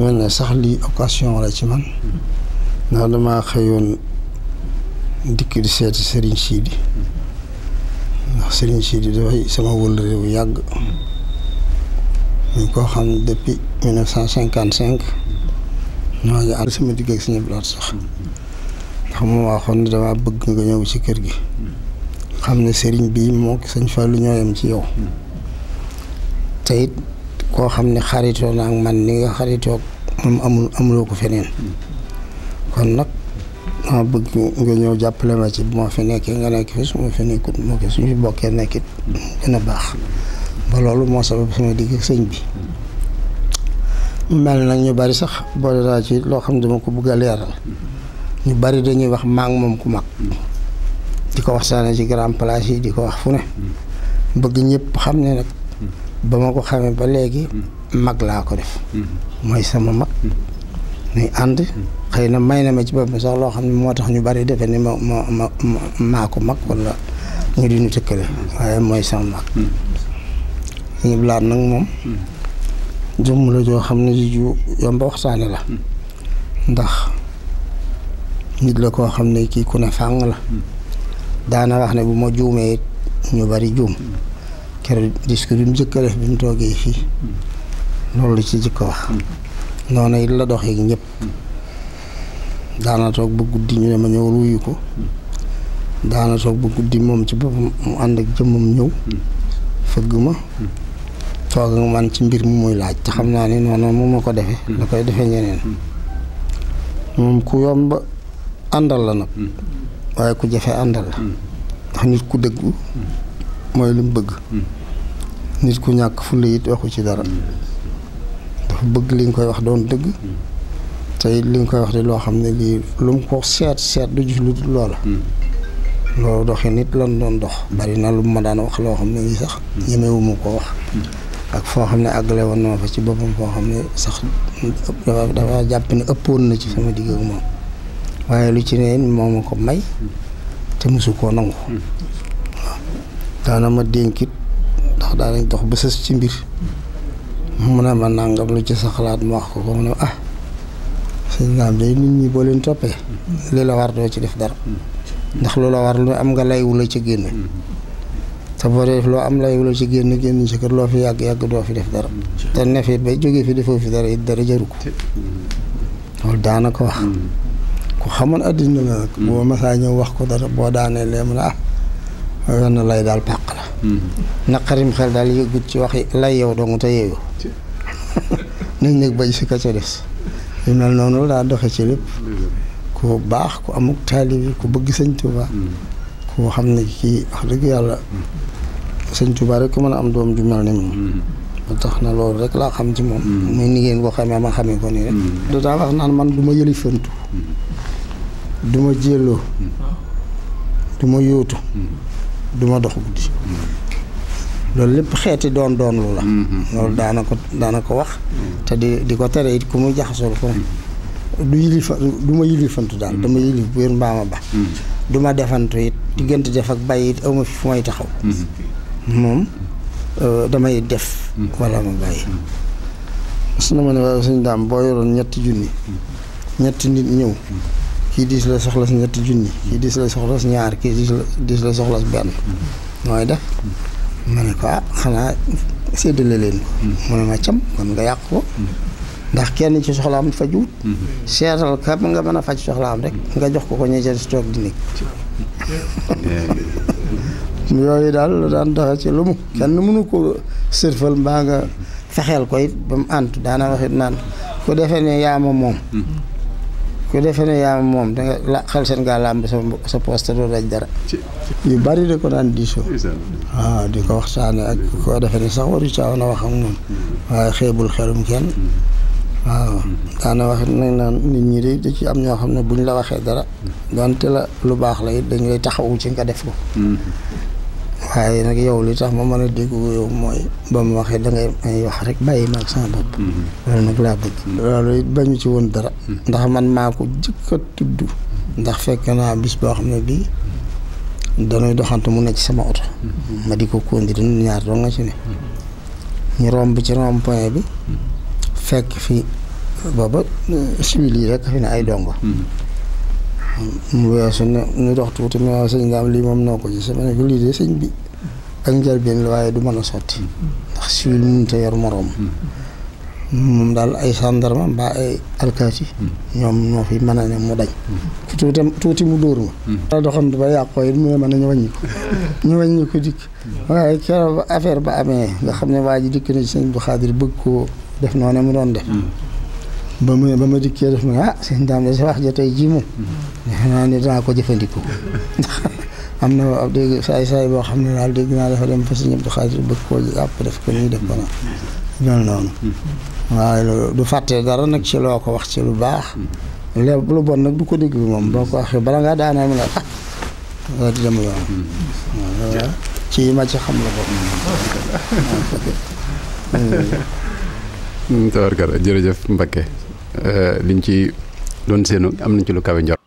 mel ne sax lii occasion la ci man ndax damaa xëyoon dikk di seeti Serigne Sidi ndax Serigne Sidi dafay sama wëllëre bu yàgg ñu ko xam depuis mille cent cinquante cinq ñoo ngi ànd sama digg ak Sëñ Abdou Lahad sax ndax moom waxoon ne damaa bëgg nga ñëw ci kër gi xam ne Serigne bii moo ko Sëñ Fallou ñoo yem ci yow te koo xam ne xaritoo na man ni nga xaritoo moom amul amuloo ko feneen kon nag ma bëgg nga ñëw jàppale ma ci bu fi nekkee nga nekk fi suma ma fi moo ko suñu bokkee nekkit gën baax ba loolu moo sabab sama digg sëñ bi mel nag ñu bari sax boole ci loo xam ne dama ko bëgg a leeral ñu bari dañuy wax maa moom ku mag di ko waxtaane ci grand place yi di ko wax fu ne bëgg ñëpp xam ne nag ba ma ko xamee ba léegi mag laa ko def mooy sama mag nuy ànd xëy na may na ma ci boppam sax loo xam ne moo tax ñu bari defe ni ma ma ma maa mag wala ñu di ñu tëkkale waaye mooy sama mag ñu blaat nag moom jëmm la joo xam ne ju yomb waxtaane la ndax nit la koo xam ne kii ku ne fàng la daana wax ne bu ma juumee ñu bari juum keroog discours yi mu njëkk a def bi mu toogee fii loolu la ci jëkk a wax noonu it la doxee ñëpp daana toog ba guddi ñu ne ñëw ruuyu ko daana toog ba guddi moom ci boppam mu ànd ak jëmmam ñëw fëgg ma toog ak man ci mbir mu muy laaj te xam naa ni noonu mu ma ko defee da koy defee ñeneen moom ku yomb àndal la nag mm. waaye ku jafe àndal la mm. ndax nit ku dëggu mm. mooy lu mu bëgg hmm. nit ku ñàkk fulla it waxu ci dara hmm. dafa bëgg li nga koy wax doon dëgg hmm. te li nga koy wax di loo xam ne lii lu mu ko seet seet du gis lu dul loola loolu doxe nit lan doon dox bari na lu ma daan wax loo xam ne lii sax ñemewuma ko wax ak foo xam ne àggale woon na ma fa ci boppam foo xam ne sax dafa jàpp ne ëppoon na ci sama digg ak moom waaye lu ci neen moom ma ko may te mosu koo nangu daana ma dénkit ndax daa dox ba sës ci mbir mu ne ma nangam lu ci sa xalaat mu wax ko ko mu ne ah sëñ naam day nit ñi boo leen toppee li la war doo ci def dara ndax lu la war lu am nga lay wu ci génne te boo def loo am lay wu ci génne génn ci kër loo fi yàgg yàgg doo fi def dara te nefit bay jógee fi defoo fi dara it dara jaru ko loolu daana ko wax ku xamoon àddina la nag boo masaa ñëw wax ko dara boo daanee lee mu ne ah wenn lay daal pàq la mm-hmm. naqarim xel daal yëgut ci waxi lay yow dong te yeeyu nit nag bañ si ka ca des yu mel noonu daa doxe ci lépp mm-hmm. ku baax ku amuk taalibi ku bëgg sëñ Tuubaa mm-hmm. ku xam ne kii wax dëgg yàlla sëñ Tuubaa rek ku mën am doom ju mel ne na loolu rek laa xam ci moom muy ngeen ko xamee ma ko nii rek wax naan man du ma yëlifantu du ma jélloo du ma du ma dox guddi loolu lépp xeeti doon doon lu la mm-hmm. loolu daana ko daana ko wax te di di ko tere it ku mu jaxasool ko mm-hmm. du yilifantu daal mm-hmm. dama yilif bu wér mbaama ba duma ma defantu it diggante def ak bàyyi it awma fi fu may taxaw moom euh, damay def wala ma bàyyi mas na ma ne waaye suñ daam boo yoroon ñetti junni ñetti nit ñëw ki dis la soxla ñetti jooni ki dis la soxla ñaar ki dis la dis la soxla ben moy def mané ko xana ah, xanaa séddale leen ko ma kon nga yaq ko ndax kenn ci fa juut sétal ka nga fa ci soxla am rek nga jox ko ko ñe ca toog di nekk yoy dal la dan doxe ci lu mu kenn mënu ko sërfal ba nga fexel ko it ba mu àntu waxit nan ko defé né yaama mom ku defee ne yaa moom danga la xel seen ngaa làmb sa sa poste doo dara. yu bari da ko daan diisoo. waaw ah, di ko waxtaanee ak koo defee ne sax waru caa woon a wax ak moom. waaye xeebul xelum kenn. waaw daana wax nag nit ñi de da ci am ñoo xam ne buñ la waxee dara. donte la lu baax la it dañ lay taxawu ci nga def ko. Mm-hmm. waaye nag yow li tax ma mën a dégg yow mooy ba mu waxee da ngay may wax rek bàyyi ma ak sama bopp. Mm-hmm. loolu nag laa bëgg. loolu bañu ci woon dara. Mm-hmm. ndax man maa ko jëkk a tudd. ndax fekk naa bis boo xam ne bii dañuy doxantu mu ne ci sama oto. Mm-hmm. ma di ko kondi dun ñaar doo nga ci ne. ñu romb ci rond point bi. fekk fi booba civil yi rek fi ne ay dongo. mu su na ñu dox tuuti mu ne sëñ daam lii moom noo ko gisee ma ne ko lii de sëñ bi ak njëlbeen la waaye du mën a sotti ndax siwil mënut a yor moroom moom daal ay gendarme mbaa ay alkaati ñoom ñoo fi mën a ne mu dañ ku tuuti tuuti mu dóor ma da doxantu ba yàqoo yi mu ne ma ne ñu wàññi ko ñu wàññi dikk waaye keroog affaire ba amee nga xam ne waa ji dikk na sëñ bu xaadir bëgg koo def noonu mu doon def ba mu ba ma dikkee def ma ah seen daam de sa wax ja tey jii moom mm. defe naa ne danaa ko jëfandikoo ndax am na ab dégg saay saay boo xam ne daal dégg naa dafa dem fa sëñ Abdou Khadir bëgg koo àpp def ko nii def ko na mel noonu mm. waaye du fàtte dara nag ci loo ko wax ci lu baax mm. lépp lu bon nag du ko dégg bi moom boo ko waxee bala ngaa daanaa mu ne ah nga di dem yoon waaw ci ma ci xam la bokk tawarkar jërëjëf Mbacké Euh, liñ ci doon séenu am nañ ci lu kawe njor